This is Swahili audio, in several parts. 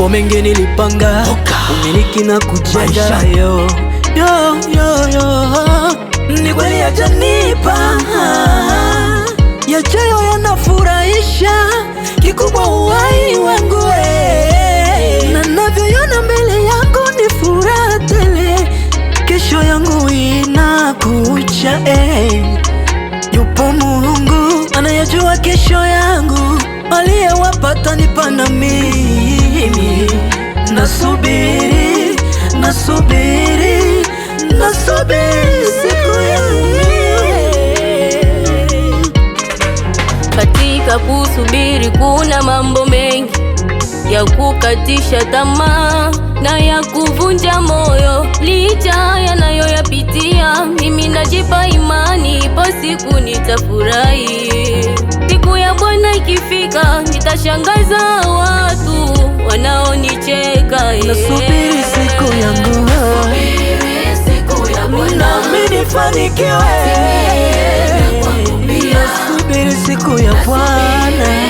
Mambo mengi nilipanga, umiliki na kujenga. Yo, yo, yo, yo. Ni kweli yajanipa yajayo, yanafurahisha kikubwa uwai wangu eh. na navyoyona mbele yangu ni furaha kesho yangu inakucha. Hey, eh. yupo Mungu anayajua kesho yangu aliyewapata ni pana mimi. Nasubiri, nasubiri, nasubiri siku katika kusubiri kuna mambo mengi ya kukatisha tamaa na ya kuvunja moyo. Licha yanayoyapitia, mimi najipa imani, ipo siku nitafurahi. Siku ya Bwana iki Nikifika nitashangaza watu wanaonicheka, yeah. Nasubiri siku yangu nami nifanikiwe, nasubiri siku ya Bwana.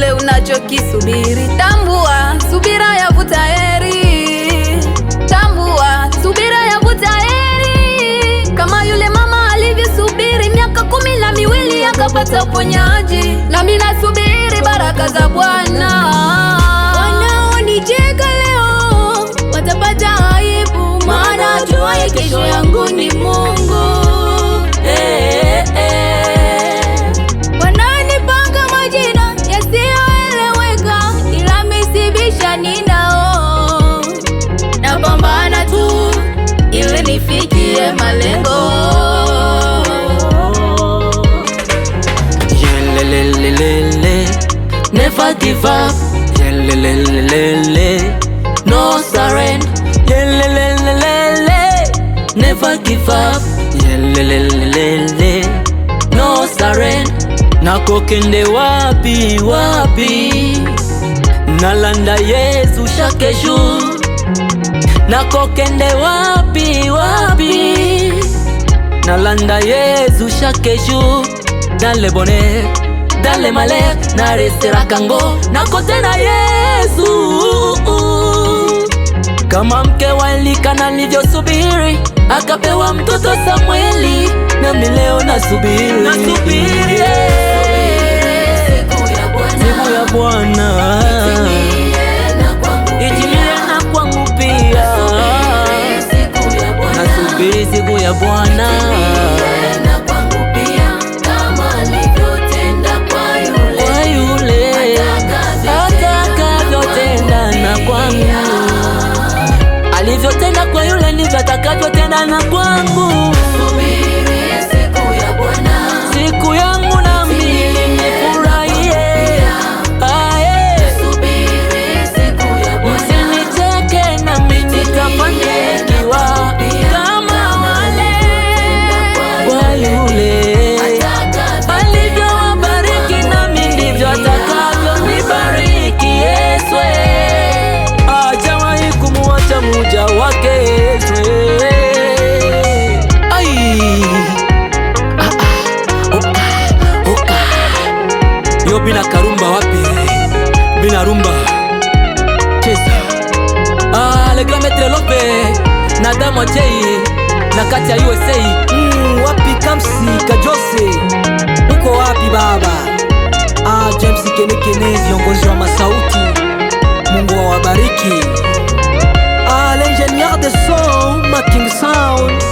kile unachokisubiri. Tambua subira ya vutaheri, tambua subira ya vutaheri. Kama yule mama alivyosubiri miaka kumi na miwili akapata uponyaji, nami nasubiri baraka za Bwana wanaonijega never give up. Yeah, No surrender. Yelelelelele Never give up. Yelelelelele No surrender. Nako kende wapi wapi, nalanda Yesu shakeshu juu. Nako kende wapi wapi, nalanda Yesu shakeshu Dale nalebone dale male na resera kango nakote na Yesu kama mke wa Elikana subiri akapewa mtoto Samweli, na mileo nasubiri siku ya Bwana itimie na kwangu pia, nasubiri siku ya Bwana. utatakavyotenda na kwangu vinarumba Kesa Ah, le grand maître Lope na Damo na kati ya USA. Mm, wapi Kamsi Kajose, uko wapi baba? Ah, James Kenekene viongozi wa masauti, Mungu wabariki Ah, l'ingénieur de son Making Sound